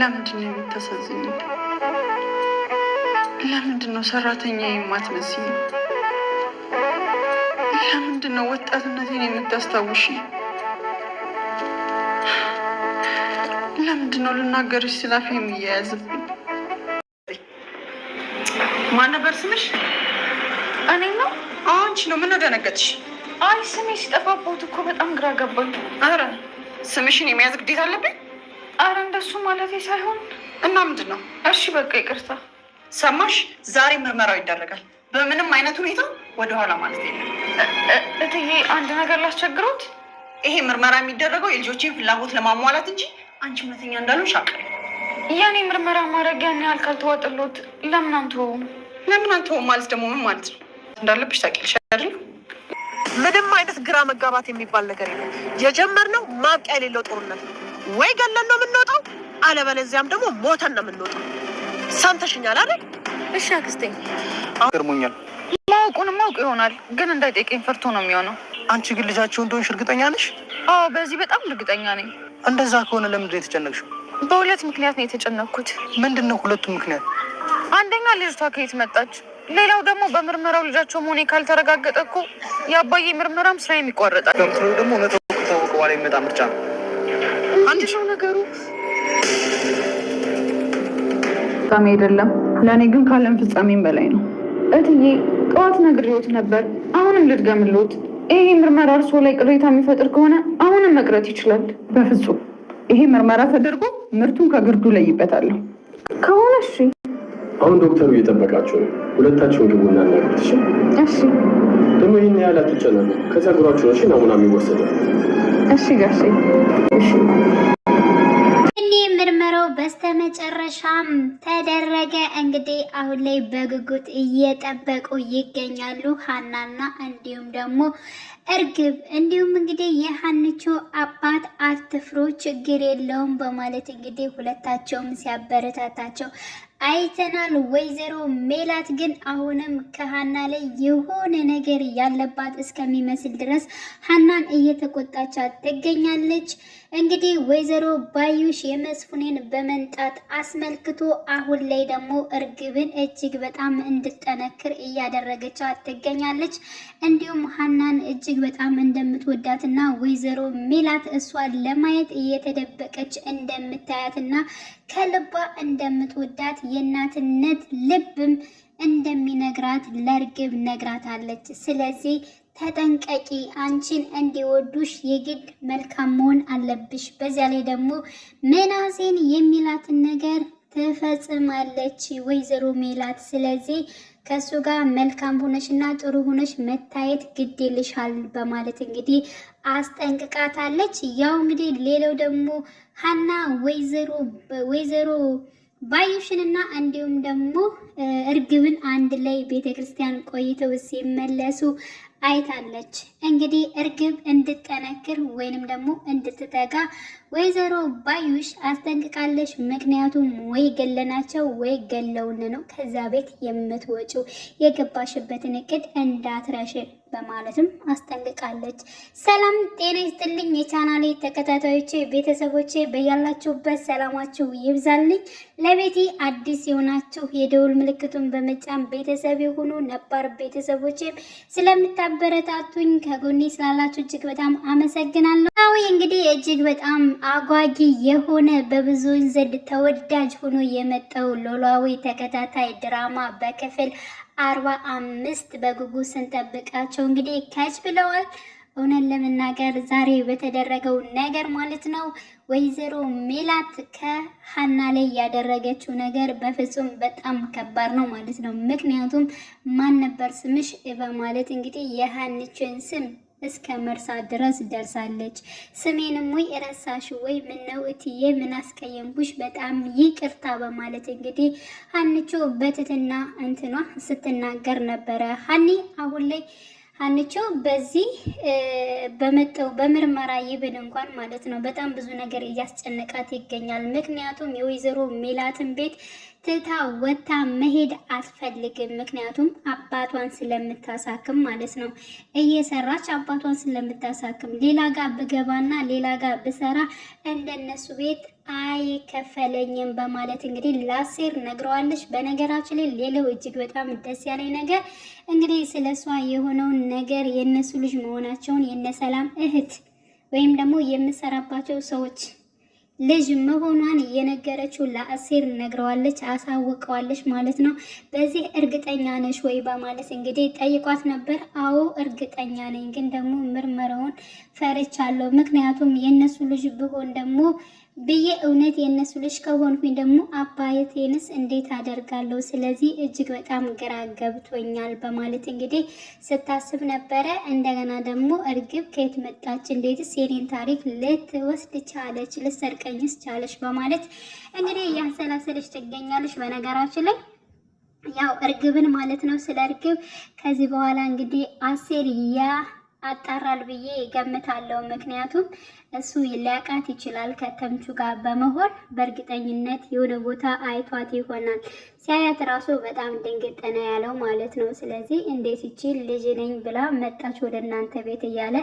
ለምንድን ነው የምታሳዝኝ? ለምንድን ነው ሰራተኛ የማትመስኝ? ለምንድን ነው ወጣትነቴን የምታስታውሽ? ለምንድን ነው ልናገርሽ ስላፊ የሚያያዝብኝ? ማን ነበር ስምሽ? እኔ ነው። አንቺ ነው። ምን ደነገጥሽ? አይ ስሜ ሲጠፋባት እኮ በጣም ግራ ገባኝ። ኧረ ስምሽን የመያዝ ግዴታ አለብኝ? አረ እንደሱ ማለቴ ሳይሆን እና ምንድን ነው? እሺ በቃ ይቅርታ። ሰማሽ? ዛሬ ምርመራው ይደረጋል። በምንም አይነት ሁኔታ ወደኋላ ማለት የለም። እትዬ አንድ ነገር ላስቸግሮት። ይሄ ምርመራ የሚደረገው የልጆችን ፍላጎት ለማሟላት እንጂ አንቺ እውነተኛ እንዳሉ ሻቅ ያኔ ምርመራ ማድረግ ያን ያህል ካልተዋጥሎት ለምን አንተውም? ለምን አንተውም ማለት ደግሞ ምን ማለት ነው? እንዳለብሽ ታውቂያለሽ አይደል? ምንም አይነት ግራ መጋባት የሚባል ነገር የለም። የጀመርነው ማብቂያ የሌለው ጦርነት ነው። ወይ ገለን ነው የምንወጣው፣ አለበለዚያም ደግሞ ሞተን ነው የምንወጣው። ሰምተሽኛል አይደል? እሺ አክስቴ። ግርሙኛል ማወቁን ማውቅ ይሆናል ግን እንዳይጠይቀኝ ፈርቶ ነው የሚሆነው። አንቺ ግን ልጃቸው እንደሆንሽ እርግጠኛ ነሽ? አዎ፣ በዚህ በጣም እርግጠኛ ነኝ። እንደዛ ከሆነ ለምንድን ነው የተጨነቅሽው? በሁለት ምክንያት ነው የተጨነቅኩት። ምንድን ነው ሁለቱም ምክንያት? አንደኛ ልጅቷ ከየት መጣች፣ ሌላው ደግሞ በምርመራው ልጃቸው መሆኔ ካልተረጋገጠ እኮ የአባዬ ምርመራም ስራዬም ይቋረጣል። ደግሞ እውነት ከታወቀ በኋላ የሚመጣ ምርጫ ነው። ነው ነገሩ። ፍጻሜ አይደለም ለእኔ ግን ካለም ፍጻሜም በላይ ነው። እትዬ ጠዋት ነግሬዎት ነበር። አሁንም ልድገምልዎት። ይሄ ምርመራ እርስዎ ላይ ቅሬታ የሚፈጥር ከሆነ አሁንም መቅረት ይችላል። በፍጹም ይሄ ምርመራ ተደርጎ ምርቱን ከግርዱ ለይበታለሁ ከሆነ እሺ አሁን ዶክተሩ እየጠበቃቸው ነው። ሁለታቸውን ግቡ እና እናያሉት። እሺ ደግሞ ይህን ያህል አትጨነቁ። ነው እሺ ናሙና የሚወሰደው እሺ ጋሽ እሺ ምርመራው በስተመጨረሻም ተደረገ። እንግዲህ አሁን ላይ በጉጉት እየጠበቁ ይገኛሉ ሀናና እንዲሁም ደግሞ እርግብ እንዲሁም እንግዲህ የሀንቾ አባት አትፍሮ ችግር የለውም በማለት እንግዲህ ሁለታቸውም ሲያበረታታቸው አይተናል። ወይዘሮ ሜላት ግን አሁንም ከሀና ላይ የሆነ ነገር ያለባት እስከሚመስል ድረስ ሀናን እየተቆጣቻት ትገኛለች። እንግዲህ ወይዘሮ ባዩሽ የመስፍኔን በመንጣት አስመልክቶ አሁን ላይ ደግሞ እርግብን እጅግ በጣም እንድጠነክር እያደረገቻት ትገኛለች። እንዲሁም ሀናን እጅግ እጅግ በጣም እንደምትወዳትና ወይዘሮ ሜላት እሷን ለማየት እየተደበቀች እንደምታያትና ከልቧ እንደምትወዳት የእናትነት ልብም እንደሚነግራት ለርግብ ነግራታለች። ስለዚህ ተጠንቀቂ፣ አንቺን እንዲወዱሽ የግድ መልካም መሆን አለብሽ። በዚያ ላይ ደግሞ ምናሴን የሚላትን ነገር ትፈጽማለች ወይዘሮ ሜላት። ስለዚህ ከእሱ ጋር መልካም ሆነሽ እና ጥሩ ሆነሽ መታየት ግድ ይልሻል በማለት እንግዲህ አስጠንቅቃታለች። ያው እንግዲህ ሌላው ደግሞ ሀና ወይዘሮ ወይዘሮ ባዩሽን እና እንዲሁም ደግሞ እርግብን አንድ ላይ ቤተክርስቲያን ቆይተው ሲመለሱ አይታለች። እንግዲህ እርግብ እንድጠነክር ወይንም ደግሞ እንድትጠጋ ወይዘሮ ባዩሽ አስጠንቅቃለች። ምክንያቱም ወይ ገለናቸው ወይ ገለውን ነው ከዛ ቤት የምትወጪው የገባሽበትን እቅድ እንዳትረሽ በማለትም አስጠንቅቃለች። ሰላም ጤና ይስጥልኝ የቻናሌ ተከታታዮቼ ቤተሰቦቼ፣ በያላችሁበት ሰላማችሁ ይብዛልኝ። ለቤቴ አዲስ የሆናችሁ የደውል ምልክቱን በመጫን ቤተሰብ የሆኑ ነባር ቤተሰቦቼ ስለምታበረታቱኝ ከጎኔ ስላላችሁ እጅግ በጣም አመሰግናለሁ። አዎ እንግዲህ እጅግ በጣም አጓጊ የሆነ በብዙ ዘንድ ተወዳጅ ሆኖ የመጣው ኖላዊ ተከታታይ ድራማ በክፍል አርባ አምስት በጉጉ ስንጠብቃቸው እንግዲህ ከች ብለዋል። እውነት ለመናገር ዛሬ በተደረገው ነገር ማለት ነው ወይዘሮ ሜላት ከሀና ላይ ያደረገችው ነገር በፍጹም በጣም ከባድ ነው ማለት ነው። ምክንያቱም ማን ነበር ስምሽ በማለት እንግዲህ የሀንችን ስም እስከ መርሳት ድረስ ደርሳለች። ስሜንም ወይ ረሳሽ ወይ ምነው እትዬ ምን አስቀየምኩሽ? በጣም ይቅርታ በማለት እንግዲህ ሀንቾ በትትና እንትኗ ስትናገር ነበረ። ሀኒ አሁን ላይ ሀንቾ በዚህ በመጠው በምርመራ ይብል እንኳን ማለት ነው በጣም ብዙ ነገር እያስጨነቃት ይገኛል። ምክንያቱም የወይዘሮ ሜላትን ቤት ትታ ወታ መሄድ አትፈልግም። ምክንያቱም አባቷን ስለምታሳክም ማለት ነው። እየሰራች አባቷን ስለምታሳክም ሌላ ጋር ብገባና ሌላ ጋር ብሰራ እንደነሱ ቤት አይከፈለኝም በማለት እንግዲህ ላሴር ነግረዋለች። በነገራችን ላይ ሌላው እጅግ በጣም ደስ ያለኝ ነገር እንግዲህ ስለሷ የሆነውን ነገር የእነሱ ልጅ መሆናቸውን የነሰላም እህት ወይም ደግሞ የምሰራባቸው ሰዎች ልጅ መሆኗን እየነገረችው ለአሴር ነግረዋለች፣ አሳውቀዋለች ማለት ነው። በዚህ እርግጠኛ ነሽ ወይ በማለት እንግዲህ ጠይቋት ነበር። አዎ እርግጠኛ ነኝ፣ ግን ደግሞ ምርመራውን ፈርቻለሁ። ምክንያቱም የእነሱ ልጅ ብሆን ደግሞ ብዬ እውነት የእነሱ ልጅ ከሆንኩኝ ደግሞ አባቴንስ እንዴት አደርጋለሁ? ስለዚህ እጅግ በጣም ግራ ገብቶኛል በማለት እንግዲህ ስታስብ ነበረ። እንደገና ደግሞ እርግብ ከየት መጣች? እንዴትስ የኔን ታሪክ ልትወስድ ቻለች? ልሰርቀኝስ ቻለች? በማለት እንግዲህ እያሰላሰለች ትገኛለች። በነገራችን ላይ ያው እርግብን ማለት ነው ስለ እርግብ ከዚህ በኋላ እንግዲህ አሴር ያ አጣራል ብዬ ገምታለሁ። ምክንያቱም እሱ ሊያቃት ይችላል ከተምቹ ጋር በመሆን በእርግጠኝነት የሆነ ቦታ አይቷት ይሆናል። ሲያያት ራሱ በጣም ድንግጠና ያለው ማለት ነው። ስለዚህ እንዴት ይቺ ልጅ ነኝ ብላ መጣች ወደ እናንተ ቤት እያለ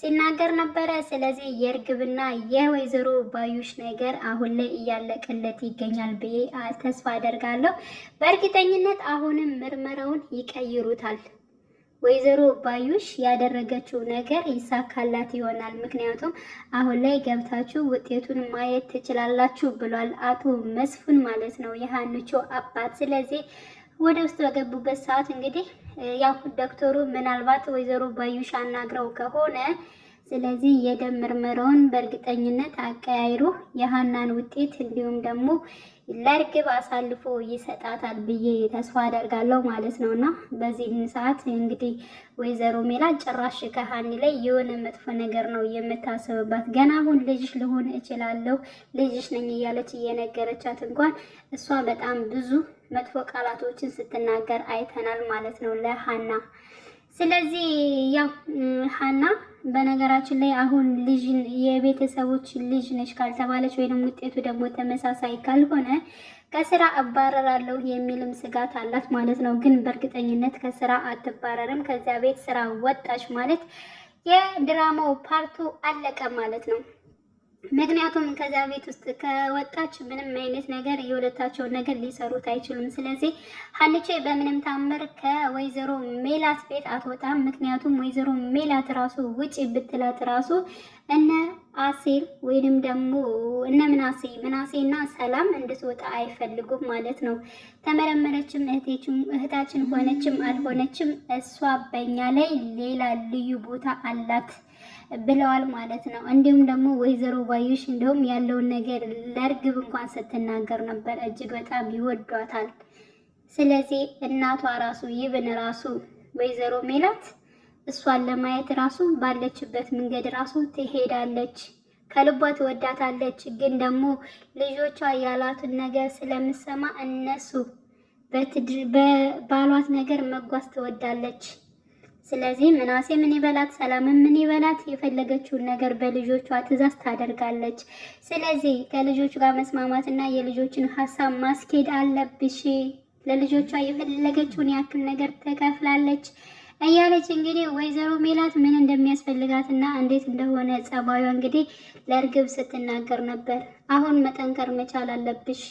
ሲናገር ነበረ። ስለዚህ የእርግብና የወይዘሮ ባዩሽ ነገር አሁን ላይ እያለቀለት ይገኛል ብዬ ተስፋ አደርጋለሁ። በእርግጠኝነት አሁንም ምርመራውን ይቀይሩታል። ወይዘሮ ባዩሽ ያደረገችው ነገር ይሳካላት ይሆናል። ምክንያቱም አሁን ላይ ገብታችሁ ውጤቱን ማየት ትችላላችሁ ብሏል አቶ መስፍን ማለት ነው የሀንቾ አባት። ስለዚህ ወደ ውስጥ በገቡበት ሰዓት እንግዲህ ያው ዶክተሩ ምናልባት ወይዘሮ ባዩሽ አናግረው ከሆነ ስለዚህ የደም ምርመራውን በእርግጠኝነት አቀያይሮ የሀናን ውጤት እንዲሁም ደግሞ ለእርግብ አሳልፎ ይሰጣታል ብዬ ተስፋ አደርጋለሁ ማለት ነው። እና በዚህን ሰዓት እንግዲህ ወይዘሮ ሜላ ጭራሽ ከሀኒ ላይ የሆነ መጥፎ ነገር ነው የምታስብባት። ገና አሁን ልጅሽ ልሆን እችላለሁ ልጅሽ ነኝ እያለች እየነገረቻት እንኳን እሷ በጣም ብዙ መጥፎ ቃላቶችን ስትናገር አይተናል ማለት ነው ለሀና ስለዚህ ያው ሀና በነገራችን ላይ አሁን ልጅ የቤተሰቦች ልጅ ነች ካልተባለች ወይም ውጤቱ ደግሞ ተመሳሳይ ካልሆነ ከስራ አባረራለሁ የሚልም ስጋት አላት ማለት ነው። ግን በእርግጠኝነት ከስራ አትባረርም። ከዚያ ቤት ስራ ወጣች ማለት የድራማው ፓርቱ አለቀ ማለት ነው። ምክንያቱም ከዚያ ቤት ውስጥ ከወጣች ምንም አይነት ነገር የሁለታቸውን ነገር ሊሰሩት አይችሉም። ስለዚህ ሀልቼ በምንም ታምር ከወይዘሮ ሜላት ቤት አትወጣም። ምክንያቱም ወይዘሮ ሜላት ራሱ ውጪ ብትላት ራሱ እነ አሴር ወይንም ደግሞ እነ ምናሴ ምናሴና ሰላም እንድትወጣ አይፈልጉም ማለት ነው። ተመረመረችም እህታችን ሆነችም አልሆነችም እሷ በኛ ላይ ሌላ ልዩ ቦታ አላት። ብለዋል ማለት ነው። እንዲሁም ደግሞ ወይዘሮ ባዩሽ እንዲሁም ያለውን ነገር ለእርግብ እንኳን ስትናገር ነበር። እጅግ በጣም ይወዷታል። ስለዚህ እናቷ ራሱ ይብን ራሱ ወይዘሮ ሜላት እሷን ለማየት ራሱ ባለችበት መንገድ ራሱ ትሄዳለች። ከልቧ ትወዳታለች። ግን ደግሞ ልጆቿ ያላትን ነገር ስለምሰማ እነሱ በባሏት ነገር መጓዝ ትወዳለች። ስለዚህ ምናሴ ምን ይበላት፣ ሰላምን ምን ይበላት፣ የፈለገችውን ነገር በልጆቿ ትእዛዝ ታደርጋለች። ስለዚህ ከልጆቹ ጋር መስማማትና የልጆችን ሀሳብ ማስኬድ አለብሽ። ለልጆቿ የፈለገችውን ያክል ነገር ተከፍላለች እያለች እንግዲህ ወይዘሮ ሜላት ምን እንደሚያስፈልጋትና እንዴት እንደሆነ ጸባዩ እንግዲህ ለእርግብ ስትናገር ነበር። አሁን መጠንከር መቻል አለብሽ።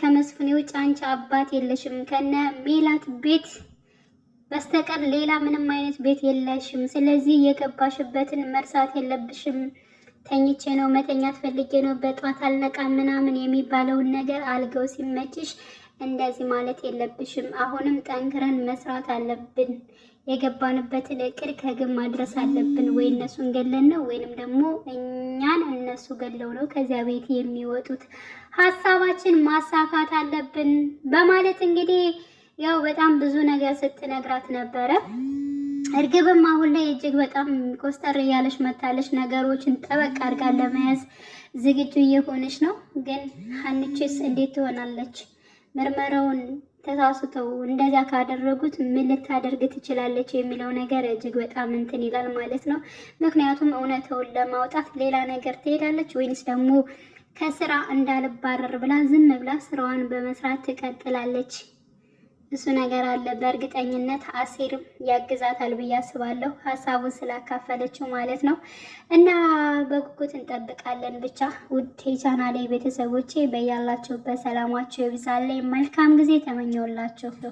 ከመስፍኔ ውጭ አንቺ አባት የለሽም ከነ ሜላት ቤት በስተቀር ሌላ ምንም አይነት ቤት የለሽም። ስለዚህ የገባሽበትን መርሳት የለብሽም። ተኝቼ ነው መተኛት ፈልጌ ነው በጧት አልነቃ ምናምን የሚባለውን ነገር አልገው ሲመችሽ እንደዚህ ማለት የለብሽም። አሁንም ጠንክረን መስራት አለብን። የገባንበትን እቅድ ከግብ ማድረስ አለብን። ወይ እነሱን ገለን ነው ወይንም ደግሞ እኛን እነሱ ገለው ነው ከዚያ ቤት የሚወጡት። ሀሳባችን ማሳካት አለብን በማለት እንግዲህ ያው በጣም ብዙ ነገር ስትነግራት ነበረ። እርግብም አሁን ላይ እጅግ በጣም ኮስተር እያለች መታለች። ነገሮችን ጠበቅ አድርጋ ለመያዝ ዝግጁ እየሆነች ነው። ግን ሀንችስ እንዴት ትሆናለች? ምርመራውን ተሳስተው እንደዚያ ካደረጉት ምን ልታደርግ ትችላለች የሚለው ነገር እጅግ በጣም እንትን ይላል ማለት ነው። ምክንያቱም እውነተውን ለማውጣት ሌላ ነገር ትሄዳለች ወይንስ ደግሞ ከስራ እንዳልባረር ብላ ዝም ብላ ስራዋን በመስራት ትቀጥላለች እሱ ነገር አለ። በእርግጠኝነት አሴርም ያግዛታል ብዬ አስባለሁ፣ ሀሳቡን ስላካፈለችው ማለት ነው። እና በጉጉት እንጠብቃለን። ብቻ ውድ የቻናሌ ቤተሰቦቼ በያላችሁበት ሰላማችሁ ይብዛልኝ። መልካም ጊዜ ተመኘውላችሁ።